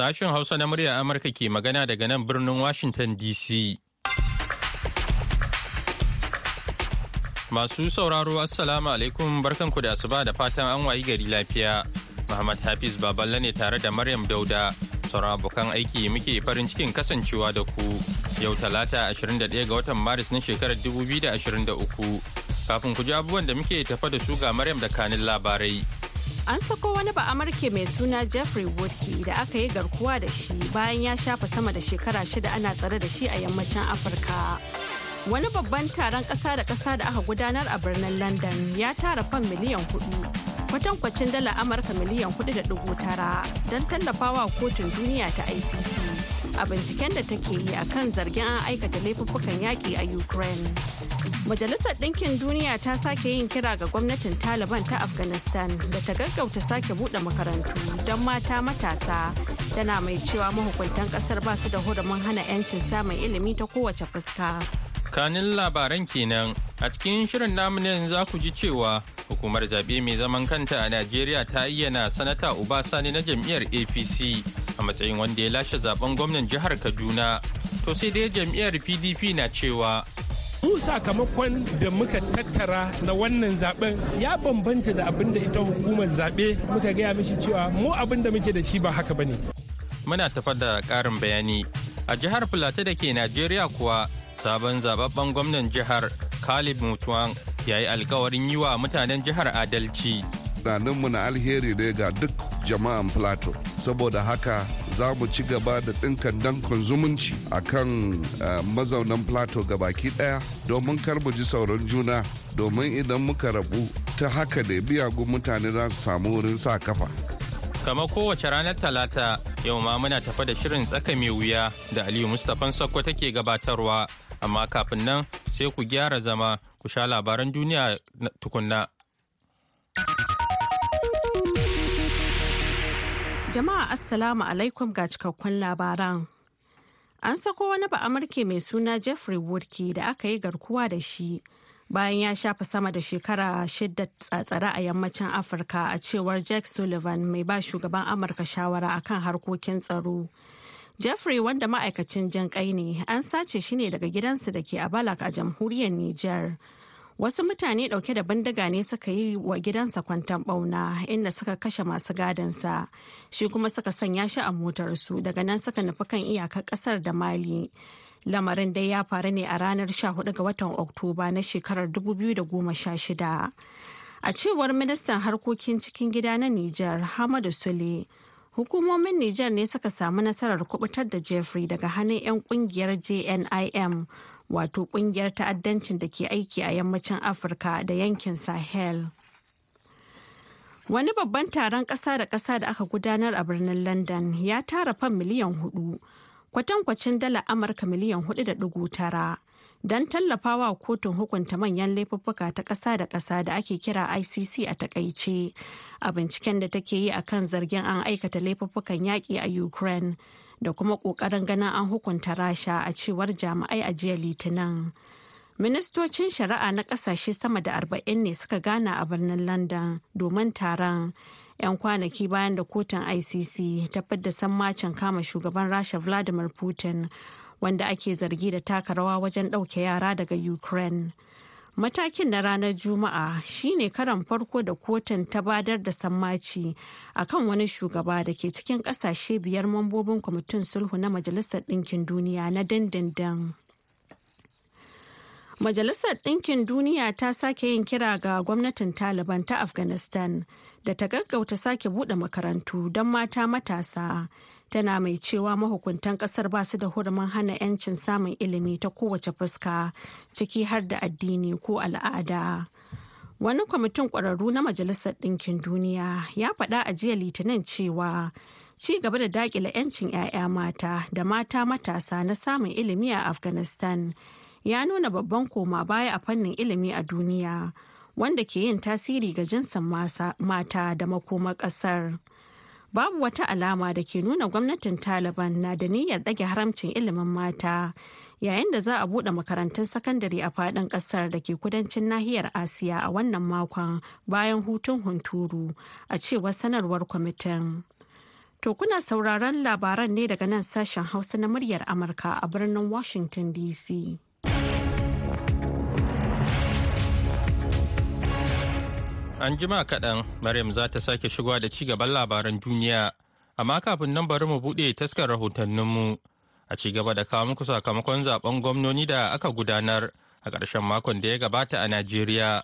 Sashen Hausa na murya Amurka ke magana daga nan birnin Washington DC. Masu sauraro Assalamu alaikum barkanku da asuba da fatan an wayi gari lafiya. Muhammad Hafiz Baballe ne tare da Maryam Dauda. Sauran abokan aiki muke farin cikin kasancewa da ku. Yau Talata 21 ga watan Maris na shekarar 2023. Kafin ku ji abubuwan da muke tafa da su ga Maryam da kanin labarai. an sako wani ba amurke mai suna jeffrey woodke da aka yi garkuwa da shi bayan ya shafa sama da shekara shida ana tsare da shi a yammacin afirka wani babban taron ƙasa da ƙasa da aka gudanar a birnin london ya tara fan miliyan hudu kwatankwacin dala amurka miliyan hudu da dubu tara don tallafawa kotun duniya ta icc a binciken da take yi akan zargin an aikata laifuffukan yaƙi a ukraine Majalisar Ɗinkin Duniya ta sake yin kira ga gwamnatin Taliban ta Afghanistan da ta gaggauta sake buɗe makarantu don mata matasa tana mai cewa mahukuntan ƙasar ba su da hurumin hana 'yancin samun ilimi ta kowace fuska. Kanin labaran kenan a cikin shirin namunin ne za ku ji cewa hukumar zaɓe mai zaman kanta a Najeriya ta ayyana sanata Obasani na jam'iyyar APC a matsayin wanda ya lashe zaben gwamnan jihar Kaduna. To sai dai jam'iyyar PDP na cewa mu sakamakon da muka tattara na wannan zaben ya bambanta da abin da ita hukumar zaɓe muka gaya mishi cewa mu abin da muke da shi ba haka bane muna tafa da ƙarin bayani a jihar plateau da ke najeriya kuwa sabon zababben gwamnan jihar khalid mutuwan ya yi alkawarin yi wa mutanen jihar adalci tunaninmu na alheri ne ga duk jama'an plateau saboda haka za mu ci gaba da ɗinkan dankon zumunci a kan eh, mazaunan plateau baki ɗaya domin kar mu ji sauran juna domin idan muka rabu ta haka da biyagun mutane za su samu wurin sa kafa. kama kowace ranar talata yau ma muna tafa da shirin tsaka mai wuya da aliyu mustapha sakko take gabatarwa amma kafin nan sai ku gyara zama ku sha labaran duniya tukunna. Jama'a Assalamu alaikum ga cikakkun labaran. An sako wani ba ba'amurke mai suna Jeffrey Woodke da aka yi garkuwa da shi bayan ya shafa sama da shekara shida tsatsare a yammacin Afirka a cewar Jack Sullivan mai ba shugaban Amurka shawara akan harkokin tsaro. Jeffrey wanda ma'aikacin jan ne an sace shi ne daga gidansa da ke a Balak a jamhuriyar Nijar. wasu mutane dauke da bindiga ne suka yi wa gidansa kwantan bauna inda suka kashe masu gadinsa shi kuma suka sanya shi a motarsu daga nan suka nufi kan iyakar kasar da mali lamarin dai ya faru ne a ranar 14 ga watan oktoba na shekarar 2016 a cewar ministan harkokin cikin gida na nijar hamadu sule hukumomin nijar ne suka samu nasarar kubutar da jeffrey daga hannun 'yan kungiyar jnim wato kungiyar ta'addancin da ke aiki a yammacin afirka da yankin sahel wani babban taron ƙasa da ƙasa da aka gudanar a birnin london ya tara fan miliyan hudu kwatankwacin dala amurka miliyan hudu da dugu tara don tallafawa kotun hukunta manyan laifuffuka ta ƙasa da ƙasa da ake kira icc a takaice a binciken da take yi a kan zargin an aikata laifuffukan yaƙi a ukraine da kuma ƙoƙarin ganin an hukunta rasha a cewar jami'ai a jiya litinin ministocin shari'a na ƙasashe sama da arba'in ne suka gana a birnin london domin taron 'yan kwanaki bayan da kotun icc ta fidda sammacin kama shugaban rasha vladimir putin wanda ake zargi da taka rawa wajen ɗauke yara daga ukraine matakin na ranar juma'a shine karan farko da kotun ta badar da sammaci a kan wani shugaba da ke cikin kasashe biyar mambobin kwamitin sulhu na majalisar ɗinkin duniya na dindindin. majalisar ɗinkin duniya ta sake yin kira ga gwamnatin taliban ta afghanistan da ta gaggauta sake buɗe makarantu don mata matasa tana mai cewa mahukuntan kasar ba su da hurumin hana 'yancin samun ilimi ta kowace fuska ciki har da addini ko al'ada wani kwamitin ƙwararru na majalisar ɗinkin duniya ya faɗa a jiya litinin cewa ci gaba da dakile 'yancin 'ya'ya mata da mata matasa na samun ilimi a afghanistan ya nuna babban koma baya a fannin ilimi a duniya wanda ke yin tasiri ga jinsin mata da makoma ƙasar. babu wata alama da ke nuna gwamnatin Taliban na da niyyar ɗage haramcin ilimin mata yayin da za a buɗe makarantun sakandare a faɗin ƙasar da ke kudancin nahiyar Asiya a wannan makon bayan hutun hunturu a cewar sanarwar kwamitin. To kuna sauraron labaran ne daga nan sashen Hausa na muryar Amurka a birnin Washington DC. An jima kaɗan, Maryam za ta sake shigowa da ci gaban labaran duniya, amma kafin nan bari mu buɗe taskar rahotanninmu a ci gaba da kawo muku sakamakon zaben gwamnoni da aka gudanar a ƙarshen makon da ya gabata a Najeriya.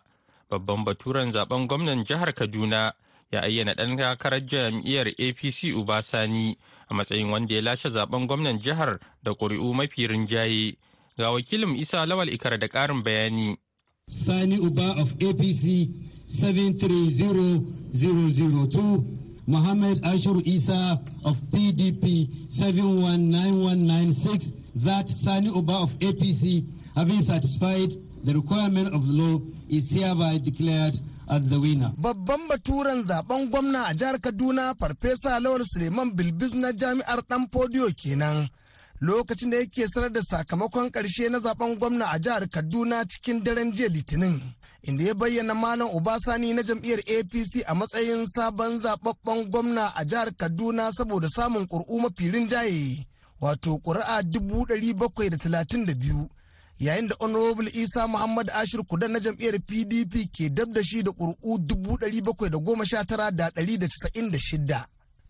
Babban baturen zaben gwamnan jihar Kaduna ya ayyana ɗan takarar jam'iyyar APC uba Sani a matsayin wanda ya lashe zaben gwamnan jihar da ƙuri'u mafi rinjaye. Ga wakilin Isa Lawal Ikar da ƙarin bayani. Sani Uba of APC 730002 Muhammad Ashur Isa of PDP 719196 that Sani Oba of APC, having satisfied the requirement of the law, is hereby declared Babban baturen zaben gwamna a jihar Kaduna Farfesa Lawal Suleiman Bilbis na jami'ar ɗan fodiyo kenan. lokacin da yake sanar da sakamakon karshe na zaben gwamna a jihar kaduna cikin daren jiya litinin inda ya bayyana malam obasani na jam'iyyar apc a matsayin sabon zababben gwamna a jihar kaduna saboda samun ƙuri'u mafi rinjaye wato da biyu. yayin da honorable isa muhammad ashir kudan na jam'iyyar pdp ke dab da shi da da shidda.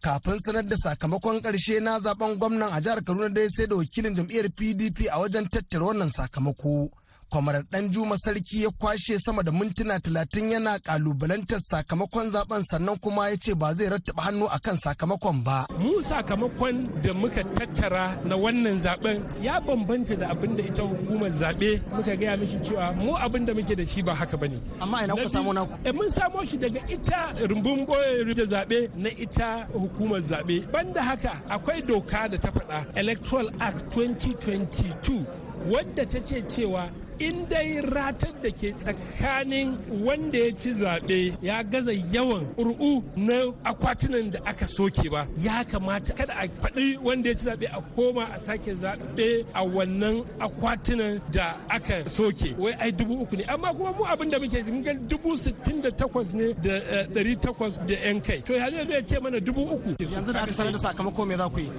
kafin sanar da sakamakon karshe na zaben gwamnan a jihar kaduna dai sai da wakilin jam'iyyar pdp a wajen tattara wannan sakamako kwamar juma sarki ya kwashe sama da mintuna talatin yana kalubalantar sakamakon zaben sannan kuma ya ce ba zai rattaba hannu akan sakamakon ba mu sakamakon da muka tattara na wannan zaben ya bambanta da abin da ita hukumar zabe muka gaya mishi cewa mu abin da muke da shi ba haka bane amma ina kuka samu naku e mun samo shi daga ita rumbun boye da zabe na ita hukumar zabe banda haka akwai doka da ta faɗa electoral act 2022 wadda ta ce cewa in dai ratar da ke tsakanin wanda ya ci zaɓe ya gaza yawan ƙuri'u na akwatunan da aka soke ba ya kamata kada a faɗi wanda ya ci zaɓe a koma a sake zaɓe a wannan akwatunan da aka soke wai ai dubu uku ne amma kuma mu abin da muke ga dubu sittin da takwas ne da eh, ɗari takwas da yan kai to ya zai ce mana dubu uku yanzu da aka sanar da sakamako me za ku yi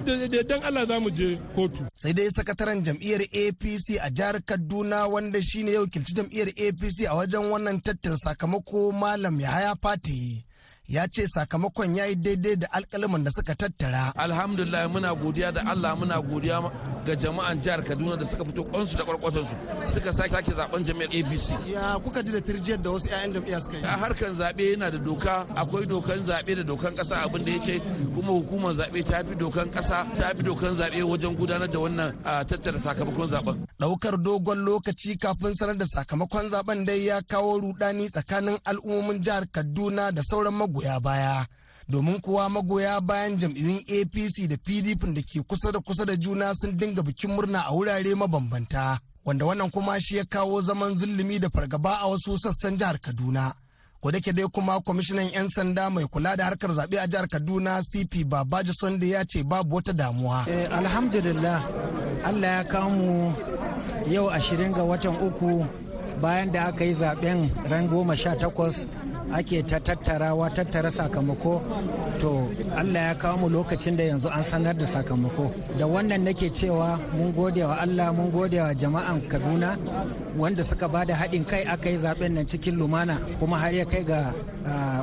dan Allah za mu je kotu sai dai sakataren jam'iyyar APC a jihar Kaduna wani wanda shine ya wakilci jam'iyyar apc a wajen wannan tattara sakamako malam yahaya fati ya ce sakamakon ya yi daidai da alkalaman da suka tattara. Alhamdulillah muna godiya da Allah muna godiya ga jama'an jihar Kaduna da suka fito kwansu da kwarkwatansu suka sake zaben jami'ar abc. Ya kuka ji da tirjiyar da wasu 'ya'yan jam'iyyar suka yi? Harkan zaɓe yana da doka akwai dokan zaɓe da dokan ƙasa abin da ya ce kuma hukumar zaɓe ta fi dokan ƙasa ta fi dokan zaɓe wajen gudanar da wannan tattara sakamakon zaɓen. Ɗaukar dogon lokaci kafin sanar da sakamakon zaben dai ya kawo rudani tsakanin al'ummomin jihar Kaduna da sauran magoya magoya baya domin kowa magoya bayan jam'iyyun apc da pdp da ke kusa da kusa da juna sun dinga bikin murna a wurare mabambanta wanda wannan kuma shi ya kawo zaman zulumi da fargaba a wasu sassan jihar kaduna ko da dai kuma kwamishinan 'yan sanda mai kula da harkar zaɓe a jihar kaduna cp babaji sunday ya ce babu wata damuwa eh, alhamdulillah allah ya kamu yau ashirin ga watan uku bayan da aka yi zaben ran goma sha takwas ake ta tattarawa tattara sakamako to allah ya kawo mu lokacin da yanzu an sanar da sakamako da wannan nake cewa mun gode wa allah mun gode wa jama'an kaduna wanda suka ba da haɗin kai aka yi zaben nan cikin lumana kuma har ya kai ga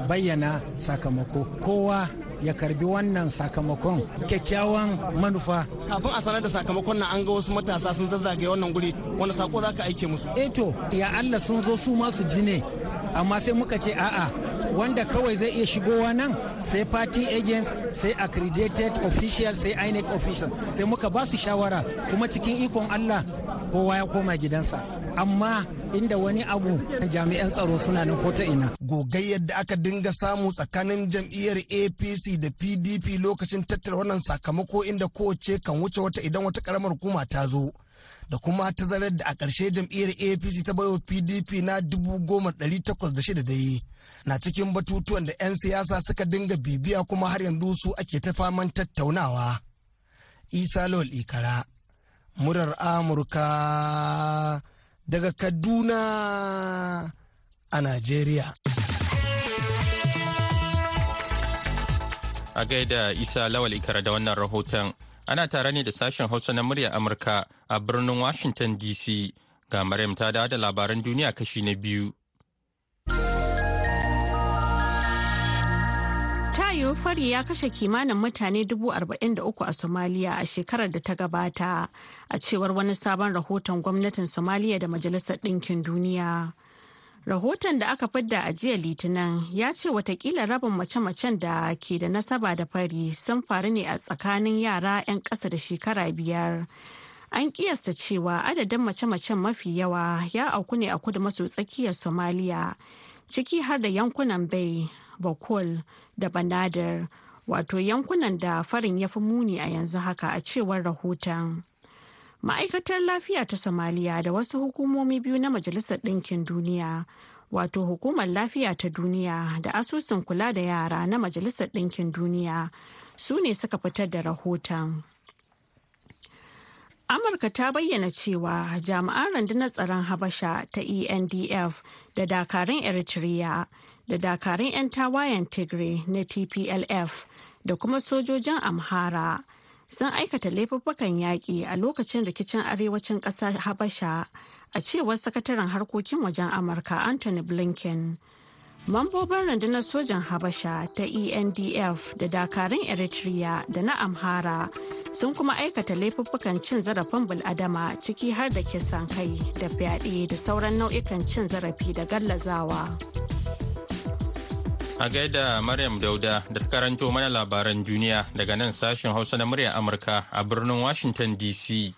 bayyana sakamako kowa ya karbi wannan sakamakon kyakkyawan manufa kafin a sanar da sakamakon na an ga wasu matasa sun zazzage wannan guri wanda sako za ka aike musu eto eh ya allah sun zo su masu jine. ji ne amma sai muka ce a'a wanda kawai zai iya shigowa nan sai party agents sai accredited official sai inec official sai muka ba su shawara kuma cikin ikon allah kowa ya koma gidansa amma inda wani abu jami'an tsaro suna nan ko ta ina. Gogayyar yadda aka dinga samu tsakanin jam'iyyar APC da PDP lokacin tattara wannan sakamako inda kowace kan wuce wata idan wata karamar hukuma ta zo. da kuma tazarar da a ƙarshe jam'iyyar apc ta baiwa pdp na dubu goma ɗari takwas da shida da yi na cikin batutuwan da 'yan siyasa suka dinga bibiya kuma har yanzu su ake ta faman tattaunawa isa lol ikara murar amurka daga kaduna a nigeria. a gaida isa lawal ikara da wannan rahoton Ana tare ne da sashen Hausa na murya Amurka a birnin Washington DC. Ga Maryam ta dawo da labaran duniya kashi na biyu. Tayo fari ya kashe kimanin mutane 43,000 a Somalia a shekarar da ta gabata, a cewar wani sabon rahoton gwamnatin Somalia da Majalisar Ɗinkin Duniya. rahoton da aka fidda a jiya litinin ya ce watakila rabin mace-macen da ke da nasaba da fari sun faru ne a tsakanin yara 'yan ƙasa da shekara biyar an kiyasta cewa adadin mace-macen mafi yawa ya auku ne a kudu maso tsakiyar somaliya ciki har da yankunan bay bakol da banadar wato yankunan da farin ya fi muni a yanzu haka a cewar rahoton ma'aikatar lafiya ta somaliya da wasu hukumomi biyu na majalisar ɗinkin duniya wato hukumar lafiya ta duniya da asusun kula da yara na majalisar ɗinkin duniya su ne suka fitar da rahoton amurka ta bayyana cewa jami'an rundunar tsaron habasha ta endf da dakarun eritrea da dakarun 'yan tawayen tigray na tplf da kuma sojojin amhara sun aikata laifuffukan yaƙi a lokacin rikicin arewacin ƙasa habasha a cewar sakataren harkokin wajen amurka anthony blinken mambobin rundunar sojan habasha ta endf da dakarun eritrea da na amhara sun kuma aikata laifuffukan cin zarafin bil'adama ciki har da kisan kai da fyaɗe da sauran nau'ikan cin zarafi da gallazawa. A gaida Maryam Dauda da ta karanto mana labaran duniya daga nan sashen Hausa na muryar Amurka a birnin Washington DC.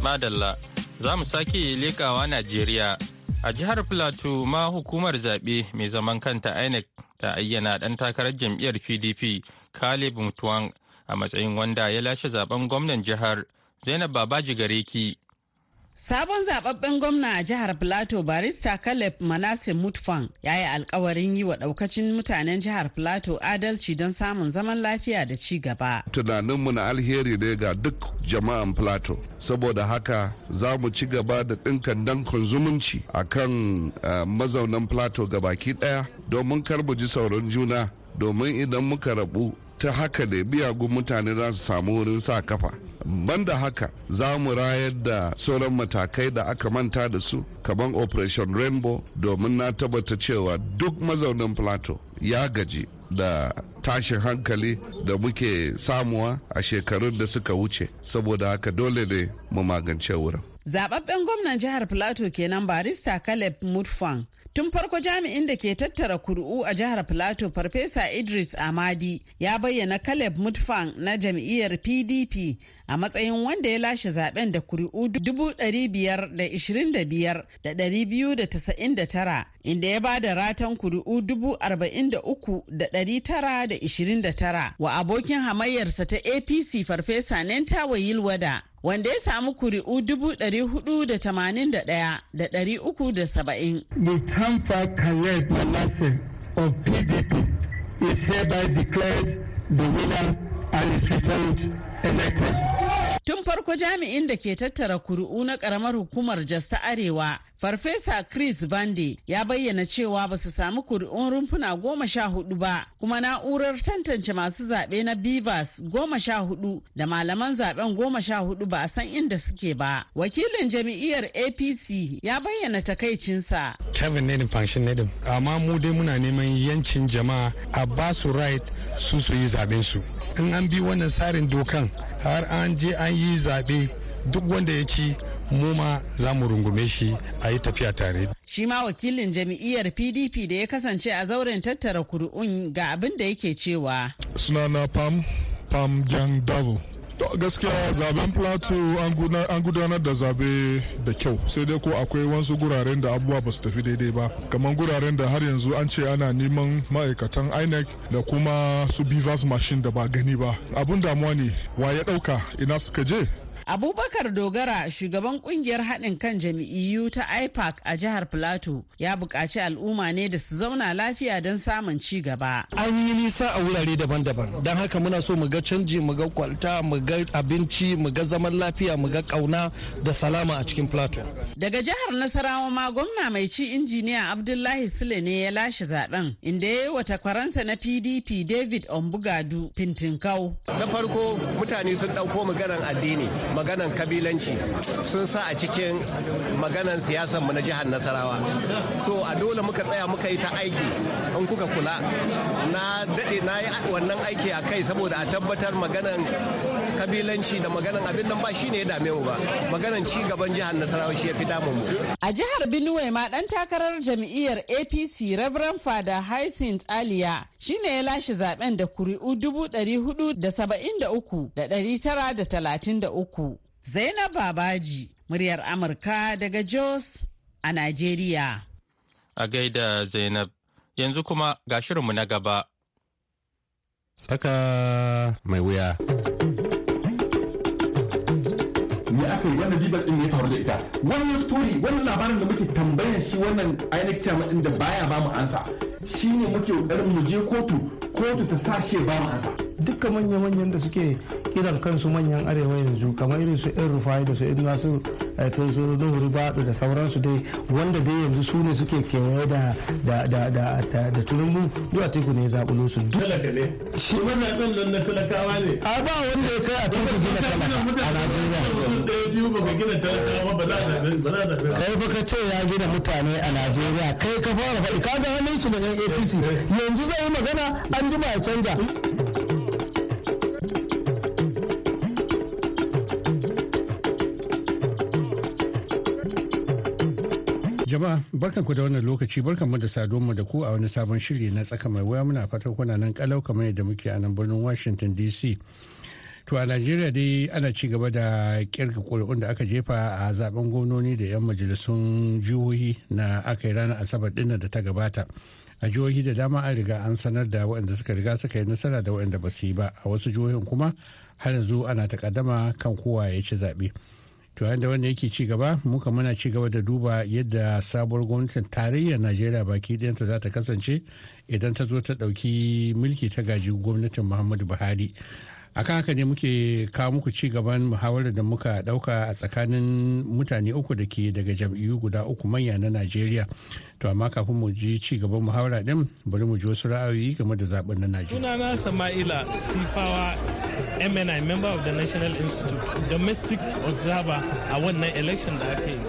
Madalla, za mu sake lekawa Najeriya. A jihar Filato ma hukumar zaɓe mai zaman kanta INEC ta ayyana ɗan takarar jam'iyyar PDP Caleb Mutuwan a matsayin wanda ya lashe zaben gwamnan jihar Zainab Babaji Gareki. Sabon zababben gwamna a jihar Plateau barista Caleb Manasse Mutfang ya yi alkawarin yi wa daukacin mutanen jihar Plateau adalci don samun zaman lafiya da ci gaba. Tunaninmu na alheri ne ga duk jama'an Plateau. Saboda haka za mu ci gaba da dinkan dankon zumunci a kan eh, mazaunan Plateau baki ɗaya domin kar mu ji sauran juna domin idan muka rabu ta haka da biyagun mutane za su samu wurin sa kafa ban da haka za mu rayar da sauran matakai da aka manta da su kaman operation rainbow domin na tabbata cewa duk mazaunin plateau ya gaji da tashin hankali da muke samuwa a shekarun da suka wuce saboda haka dole ne mu magance wurin Zababben gwamnan jihar plateau kenan barista Caleb mudfang Tun farko jami'in da ke tattara kuri'u a jihar plateau Farfesa Idris Amadi ya bayyana Caleb mudfang na jam'iyyar PDP a matsayin wanda ya lashe zaben da kuri'u 525,299 inda ya ba da ratan kuri'u 43,929 wa abokin hamayyarsa ta APC Farfesa Nentawa Yilwada wanda ya samu kuri'u 481,370. The Tampa Kalef Malasse of PDP is hereby declared the winner and is returned Tun farko jami'in da ke tattara kuri'u na karamar hukumar Jasta Arewa, Farfesa Chris Bande ya bayyana cewa ba su samu kuri'un rumfuna goma sha hudu ba, kuma na'urar tantance masu zaɓe na Bivas goma sha hudu da malaman zaɓen goma sha hudu ba a san inda suke ba. Wakilin jami'iyar APC ya bayyana takaicinsa. kevin ne din function ne din amma mu dai muna neman yancin jama'a a ba su right su su yi zaben su in an bi wannan tsarin dokan har an je an yi zabe duk wanda ya ci mu ma za mu rungume shi a yi tafiya tare. Shi ma wakilin jami'iyar PDP da ya kasance a zauren tattara kuri'un ga abin da yake cewa. Sunana Pam Pam Jang Davo gaskiya zaben plateau an gudanar da zabe da kyau sai dai ko akwai wasu guraren da abubuwa ba su tafi daidai ba kamar guraren da har yanzu an ce ana neman ma'aikatan inec da kuma su bivas machine da ba gani ba abun damuwa ne wa ya dauka ina suka je Abubakar Dogara shugaban kungiyar haɗin kan jam'iyyu ta IPAC a jihar Plateau ya buƙaci al'umma ne da su zauna lafiya don samun ci gaba. An yi nisa a wurare daban-daban don haka muna so mu ga canji mu ga kwalta mu ga abinci mu ga zaman lafiya mu ga ƙauna da salama a cikin Plateau. Daga jihar Nasarawa ma gwamna mai ci injiniya Abdullahi Sule ne ya lashe zaben inda ya yi wa takwaransa na PDP David Ombugadu Fintinkau. Na farko mutane sun ɗauko maganar addini maganan kabilanci sun sa a cikin maganan siyasar mu na jihar nasarawa so a dole muka tsaya muka yi ta aiki in kuka kula na daɗe na yi wannan aiki a kai saboda a tabbatar maganan kabilanci da maganan abin nan ba shine ya dame mu ba maganan ci gaban jihar nasarawa shi ya fi damun mu a jihar benue ma dan takarar jam'iyyar apc reverend fada hyacinth aliya shine ya lashe zaben da kuri'u dubu dari hudu da saba'in da uku da dari tara da talatin da uku Zainab Babaji, muryar Amurka daga Jos a Najeriya. A gaida Zainab, yanzu kuma ga shirinmu na gaba. Saka mai wuya. Me aka yi wannan dibar ɗin ya faru da ita? Wannan story, wannan labarin da muke tambayar shi wannan ainihin chairman ɗin da baya ba mu ansa. Shi ne muke ƙoƙarin mu je kotu, kotu ta sa shi ba mu ansa. Dukkan manya-manyan da suke irin kansu manyan arewa yanzu kamar irin su yan rufai da su yan nasu su eh, nuhuru baɗu da sauransu dai wanda dai yanzu su ne suke kewaye da da turumbu duk teku ne ya zaɓulo su duk shi mazaɓin nan na talakawa ne a ba wanda ya kai a teku gina talaka a najeriya kai fa ka ce ya gina mutane a najeriya kai ka fara faɗi ka ga hannun su da yan apc eh, eh. yanzu zai yi magana an ji ba ya canja Jama'a barkan ku da wannan lokaci mu da saduwa da ku a wani sabon shiri na tsaka mai waya muna fatan kuna nan kalau kamar yadda muke a nan birnin Washington DC. To a Najeriya dai ana ci gaba da kirga kuri'un da aka jefa a zaben gononi da 'yan majalisun jihohi na aka yi ranar Asabar ɗin da ta gabata. a jihohi da dama an riga an sanar da waɗanda suka riga suka yi nasara da waɗanda ba su yi ba a wasu jihohin kuma har yanzu ana takaddama kan kowa ya ci zaɓe to yadda wanda yake ci gaba muka muna ci gaba da duba yadda sabuwar gwamnatin tarayyar najeriya baki ɗayanta za ta kasance idan ta zo ta ɗauki mulki ta gaji gwamnatin muhammadu buhari a kan haka ne muke kawo muku ci gaban muhawarar da muka dauka a tsakanin mutane uku da ke daga jam'iyyu guda uku manya na najeriya to amma kafin mu ji ci gaban muhawara din bari mu ji wasu ra'ayoyi game da zaben na najeriya sunana sama'ila sifawa mni member of the national institute domestic observer a wannan election da aka yi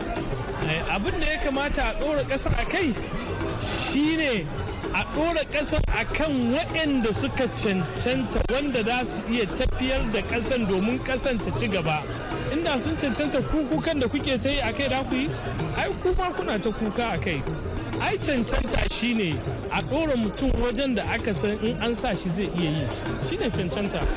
eh, abin da ya kamata a ɗora ƙasar a kai shine a ɗora ƙasar a kan waɗanda suka cancanta wanda za su iya tafiyar da ƙasar domin ƙasar ta ci gaba inda sun cancanta kukan da kuke ta yi a kai da ku yi ai kuma kuna ta kuka a kai ai cancanta shine a ɗora mutum wajen da aka san in an sa shi zai iya yi shine cancanta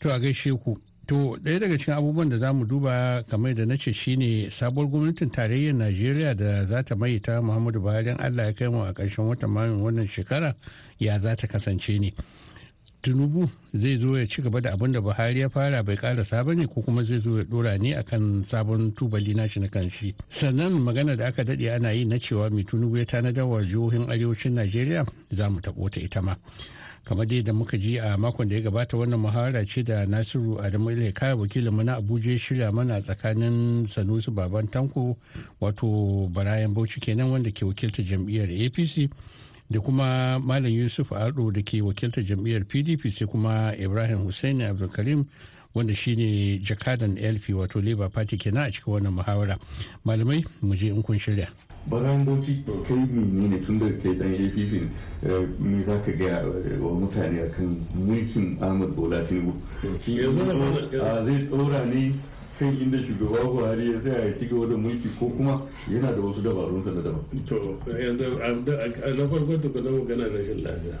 To a gaishe ku To ɗaya daga cikin abubuwan da za mu duba kamar da na ce shine sabuwar gwamnatin tarayyar Najeriya da za ta maita Muhammadu Buhari Allah ya kai mu a ƙarshen wata Mayun wannan shekara ya za ta kasance ne. tunubu zai zo ya ci gaba da abin da Buhari ya fara bai karasa ba ne ko kuma zai zo ya dora ne akan sabon tubali nashi na kanshi. Sannan magana da aka daɗe ana yi na cewa mai Tinubu ya tanadar wa jihohin arewacin Najeriya za mu taɓo ta ita ma. kamar dai da muka ji a makon da ya gabata wannan muhawara ce da nasiru adamu ile kaya wakilin mu na abuja shirya mana tsakanin sanusi baban tanko wato barayan bauchi kenan wanda ke wakilta jam'iyyar apc da kuma malam yusuf ardo da ke wakiltar jam'iyyar pdp sai kuma ibrahim hussein abdulkarim wanda shine jakadan lp wato labour party kenan a cikin wannan muhawara malamai mu je in kun shirya bayan bauchi kai mene ne tun da kai dan apc ne eh, za ka gaya wa mutane akan mulkin ahmad bola tinubu zai tsora ne kai inda shugaba buhari ya tsaya ya ci gaba da mulki ko kuma yana da wasu dabarun sa na daban to yanzu na farko tukuna gana rashin lafiya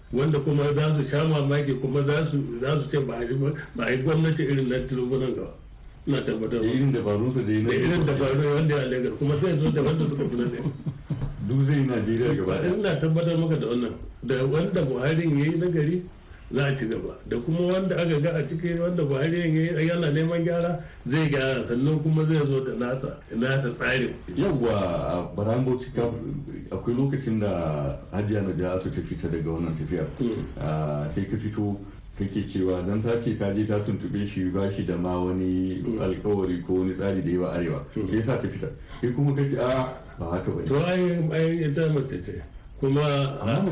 wanda kuma za su sha mamaki kuma za su ce ba a yi gwamnati irin na tilubu nan gaba na tabbatar da irin dabaru su da irin dabaru wanda ya lagar kuma sai zo da wanda suka fi duk zai najeriya gaba ina tabbatar maka da wannan da wanda buhari ya yi nagari za a ci gaba da kuma wanda aka ga a cikin wanda buhari yana neman gyara zai gyara sannan kuma zai zo da nasa nasa tsarin yawwa baran bauchi akwai lokacin da hajiya na ta fita daga wannan tafiyar mm. ah, sai ka fito kake cewa dan ta ce ta je ta tuntube shi ba shi da ma wani mm. alkawari ko wani tsari da yawa arewa mm. sai sa ta fita kuma kuma ce a ah, ba haka ba to ai ai ita mace ce kuma a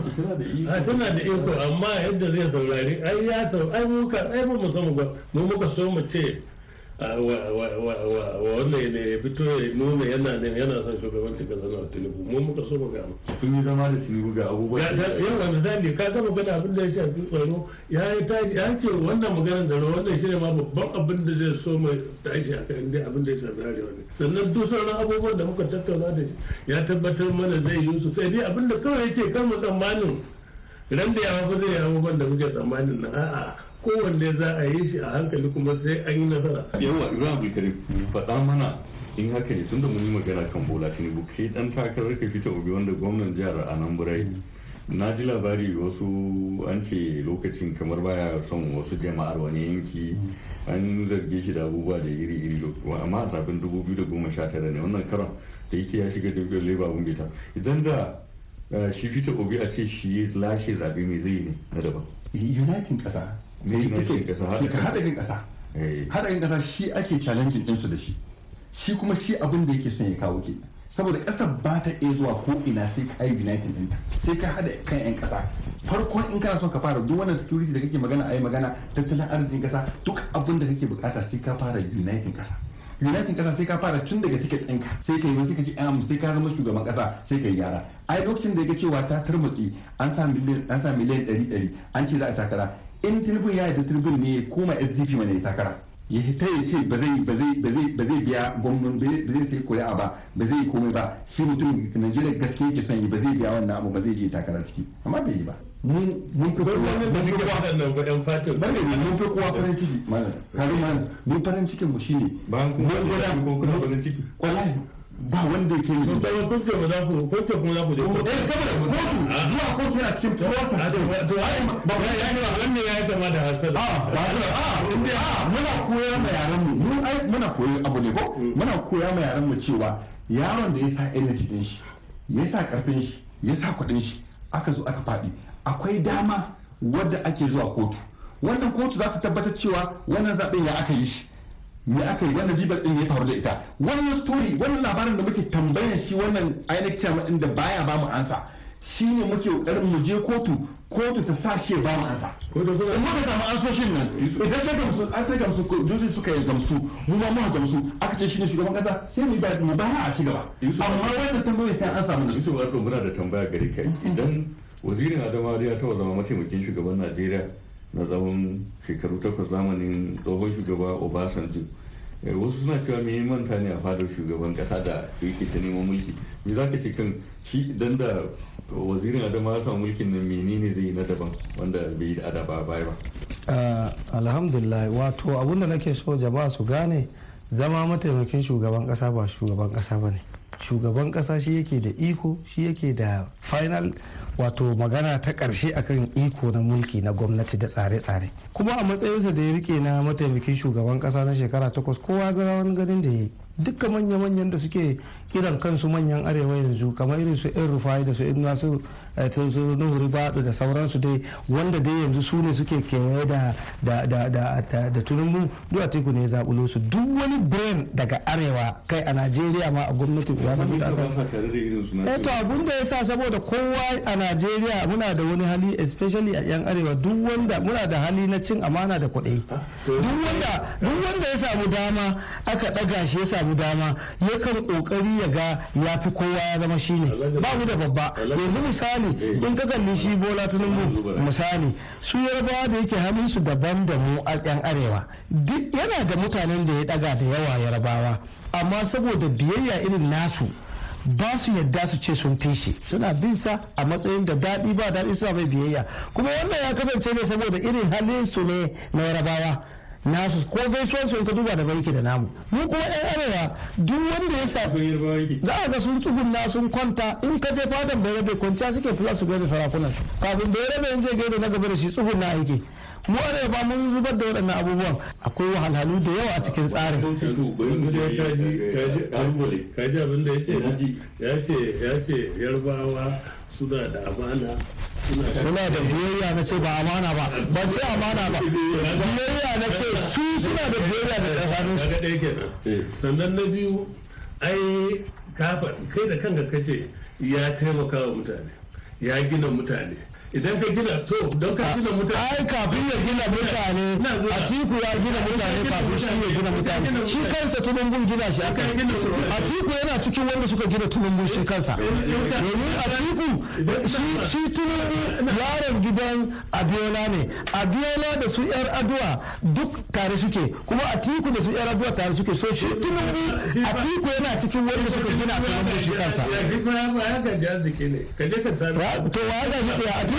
e tana da iko e amma yadda zai saurari ai ya sau ai muka ai mu musamman mu muka so mu ce wanda ya fito ya nuna yana yana son shugabancin kasa na tinubu mu muka so ga kun yi zama da tinubu ga abubuwa yawa misali ka ga magana abin da ya shafi tsaro ya yi tashi ya ce wannan maganar tsaro wannan shi ne ma babban abin da zai so mai tashi a kan dai abin da ya shafi arewa ne sannan duk sauran abubuwan da muka tattauna da shi ya tabbatar mana zai yi su sai dai abin da kawai ya ce kan tsammanin ran da ya hafa zai yi abubuwan da muke tsammanin na a'a kowanne za a yi shi a hankali kuma sai an yi nasara yawa ibrahim abdulkarim faɗa mana in haka ne tunda mun yi magana kan bola tinubu kai dan takarar ka fita obi wanda gwamnan jihar anambra na ji labari wasu an ce lokacin kamar baya son wasu jama'ar wani yanki an zarge shi da abubuwa da iri iri amma a zafin 2019 ne wannan karon da yake ya shiga jirgin leba abun beta idan da eh, shi fita obi a ce shi lashe zabe mai zai ne na daban yunakin kasa haɗarin ƙasa haɗarin eh. ƙasa shi ake challenging ɗinsu da shi shi kuma shi abin da yake son ya kawo ke saboda ƙasa ba ta iya zuwa ko ina sai ka yi united ɗinta sai ka haɗa kan 'yan ƙasa farkon in kana son ka fara duk wannan security da kake magana a yi magana tattalin arzikin ƙasa duk abin da kake bukata sai ka fara united ƙasa united ƙasa sai ka fara tun daga tiket ɗinka sai ka yi wasu kake am sai ka zama shugaban ƙasa sai ka yi gyara ai lokacin da ya ga cewa ta turmutsi an sa miliyan ɗari ɗari an ce za a takara in tribun ya yarda tribun ne kuma koma sdp mana ya takara ya ta ya ce ba zai biya gwamnan ba zai sai koya ba ba zai komai ba shi mutum najeriya gaske yake son yi ba zai biya wannan abu ba zai je takara ciki amma bai yi ba mun mun farin ciki mun ba wanda ya kai mu da kuma kunce mu za ku kunce kuma za ku je kotu eh saboda kotu zuwa kotu yana cikin kawarsa to ai ba ya ya ga wannan ya kama da hasada a ba a inda a muna koya ma yaran mu mun ai muna koyi abu ne ko muna koya ma yaran mu cewa yaron da ya sa energy din shi ya sa karfin shi ya sa kudin shi aka zo aka faɗi akwai dama wadda ake zuwa kotu wannan kotu za ta tabbatar cewa wannan zaɓen ya aka yi shi me aka yi wannan bibas din ne faru da ita wannan story wannan labarin da muke tambayar shi wannan ainihin chairman din da baya ba mu ansa shine muke kokarin mu je kotu kotu ta sa shi ba mu ansa in muka samu ansoshin nan idan ka gamsu an ta gamsu joji suka yi gamsu mu ma mu gamsu aka ce shine shugaban kasa sai mu ba mu baya a ci gaba amma wannan tambayar sai an samu nasu wato muna da tambaya gare ka mm-hmm. idan wazirin Adamawa ya taba zama mataimakin shugaban Najeriya na tsawon shekaru takwas zamanin tsohon shugaba obasanjo eh, wasu suna cewa mai manta ne a fadar shugaban kasa da yake ta neman mulki me za ka ce kan shi idan da wazirin adama ya samu mulkin nan menene zai yi na daban wanda bai da adaba baya ba ah, alhamdulillah wato abinda nake so jama'a su gane zama mataimakin shugaban kasa ba shugaban kasa ba ne shugaban kasa shi yake da iko shi yake da final wato magana ta ƙarshe akan iko na mulki na gwamnati da tsare-tsare kuma a matsayinsa da ya rike na mataimakin shugaban ƙasa na shekara takwas kowa ga rawan ganin da ya yi duka manya-manyan da suke kiran kansu manyan arewa yanzu kamar irin su yan rufai da su yan nasiru Eh, tun su nuhuri da sauransu dai wanda dai yanzu su ne suke kewaye da da da duk atiku ne ya su duk wani brain daga arewa kai a najeriya ma a gwamnati ya samu da aka eh, to abun da ya sa saboda kowa a najeriya muna da wani hali especially a yan arewa duk wanda muna da hali na cin amana da kuɗi ah, duk wanda duk wanda ya samu dama aka ɗaga shi ya samu dama yakan ƙoƙari ya ga ya fi kowa ya zama shine ba mu da babba yanzu misali ne eh. in ka kalli shi bola tinubu misali su yarbawa da yake hannun su daban da mu a yan arewa duk yana da mutanen da ya daga da yawa yarbawa amma saboda biyayya irin nasu ba su yadda su ce sun fi shi suna bin sa a matsayin da daɗi ba daɗi suna mai biyayya kuma wannan ya kasance ne saboda irin halin su ne na yarabawa nasu ko gaisuwar su ka duba da barki da namu mu kuma yan arewa duk wanda ya sa za a ga sun tsugunna sun kwanta in ka je fadan rabe kwanciya suke kula su gaida sarakunan su kafin rabe in zai gaida na gaba da shi tsugunna aiki mu arewa mun zubar da waɗannan abubuwan akwai wahalhalu da yawa a cikin tsarin kaji abin da ya ce ya ce yarbawa suna da amana suna da biyayya na ce ba amana ba ban ce amana ba biyayya na ce su suna da biyayya da su. Eh. sannan na biyu ai kai da kanka kace ya taimaka wa mutane ya gina mutane idan ka gina to don ka gina mutane ai kafin ya gina mutane a tiku ya gina mutane kafin shi ya gina mutane shi kansa tunungun gina shi aka a tiku yana cikin wanda suka gina tunungun shi kansa domin a tiku shi tunungun yaron gidan abiola ne abiola da su yar aduwa duk tare suke kuma a tiku da su yar aduwa tare suke so shi tunungun a tiku yana cikin wanda suka gina tunungun shi kansa to wa ga shi a tiku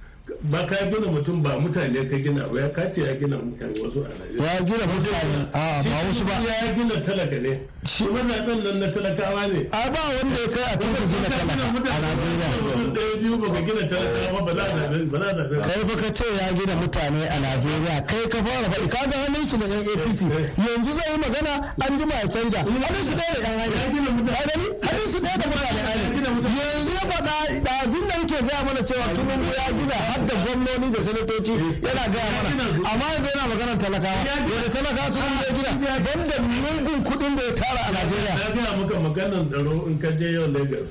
ba ka gina mutum ba mutane ka gina ba ya kace ya gina mutane wasu a Najeriya. Ya gina mutane a ba wasu ba. Ya gina talaka ne. Shi ba zaɓen nan na talakawa ne. A ba wanda ya kai a kan ka gina talaka a Najeriya. Mutum ɗaya biyu ba ka gina talaka ba za a ba. Kai fa ka ce ya gina mutane a Najeriya kai ka fara faɗi ka ga hannun su da ɗan APC eh, eh. yanzu zai yi magana an jima ya canja hannun su ɗaya da yan hanyar. Ya gina mutane. Hannun su ɗaya da mutane. yanzu ya faɗa ɗazin da yake gaya mana cewa tunubu ya gina har da gwamnoni da sanatoci yana gaya mana amma yanzu yana maganar talakawa wanda talaka tunubu ya gina banda mugun kuɗin da ya tara a najeriya na gaya maka maganan tsaro in ka je yau lagos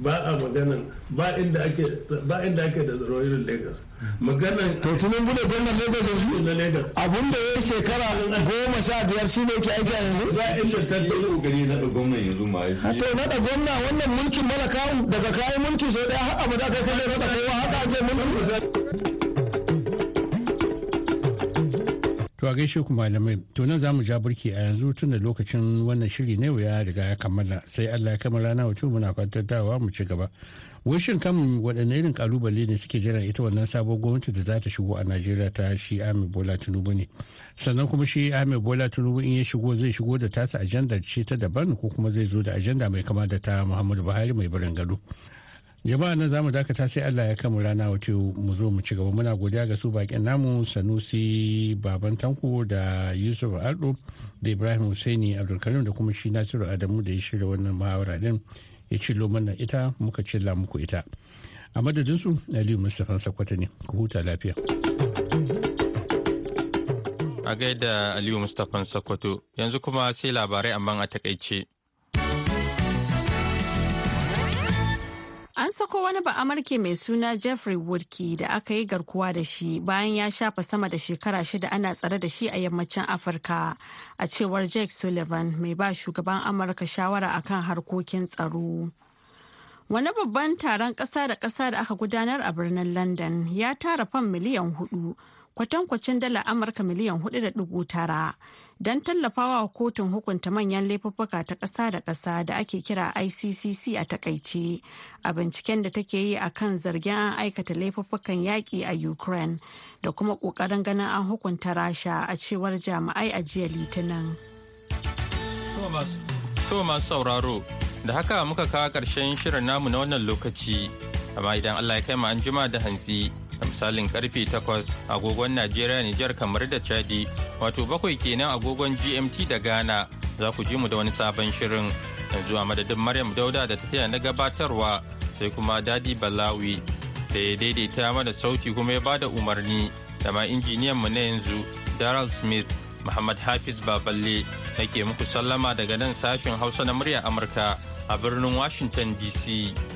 ba a maganan ba inda ake da tsaro lagos maganan to tunan bude gwamnan lagos yanzu na lagos abinda ya shekara goma sha biyar shi ne ke aiki a yanzu a inda tattalin kokari na da gwamnan yanzu ma yi to na da gwamna wannan mulkin malaka daga kayan mulki sau daya haka ba za ka kai na da kowa haka ake mulki To a gaishe ku malamai, to nan mu ja burki a yanzu tun da lokacin wannan shiri ne ya riga ya kammala sai Allah ya kama rana wato muna fatan dawa mu ci gaba. Washin kan waɗanne irin kalubale ne suke jiran ita wannan sabon gwamnati da za ta shigo a Najeriya ta shi Ahmed Bola Tinubu ne. Sannan kuma shi Ahmed Bola Tinubu in ya shigo zai shigo da tasa ajandar ce ta daban ko kuma zai zo da ajanda mai kama da ta Muhammadu Buhari mai barin gado. jama'a nan zamu dakata sai Allah ya kamu rana wato mu zo mu ci gaba muna godiya ga su bakin namu Sanusi baban tanko da Yusuf Aldo da Ibrahim Husaini Abdulkarim da kuma shi Nasiru Adamu da ya shirya wannan muhawara din ya cilo mana ita muka cilla muku ita a madadin su Aliyu Mustafa Sakwata ne ku huta lafiya a gaida Aliyu Mustafa Sakwato yanzu kuma sai labarai amma a takaice An sako wani ba'amurke mai suna Jeffrey Woodke da aka yi garkuwa da shi bayan ya shafa sama da shekara shida ana tsare da shi a yammacin Afirka a cewar Jake Sullivan mai ba shugaban Amurka shawara akan harkokin tsaro. Wani babban taron ƙasa da ƙasa da aka gudanar a birnin London ya tara fan miliyan hudu kwatankwacin dala Amurka miliyan hudu da dubu tara don tallafawa kotun hukunta manyan laifuffuka ta ƙasa da ƙasa da ake kira ICCC a takaice a binciken da take yi a kan zargin an aikata laifuffukan yaƙi a Ukraine da kuma ƙoƙarin ganin an hukunta Rasha a cewar jami'ai a jiya Litinin. thomas sauraro, da haka muka kawo ƙarshen shirin namu na wannan lokaci, amma idan Allah ya kai mu an da hantsi. misalin karfe 8 agogon Najeriya Nijar kamar da Chadi wato bakwai kenan agogon GMT da Ghana za ku ji mu da wani sabon shirin yanzu a madadin Maryam Dauda da tafiya na gabatarwa sai kuma Dadi Balawi da ya daidaita mana sauti kuma ya bada umarni da ma injiniyan mu na yanzu Daryl Smith Muhammad Hafiz Baballe nake muku sallama daga nan sashen Hausa na murya Amurka a birnin Washington DC.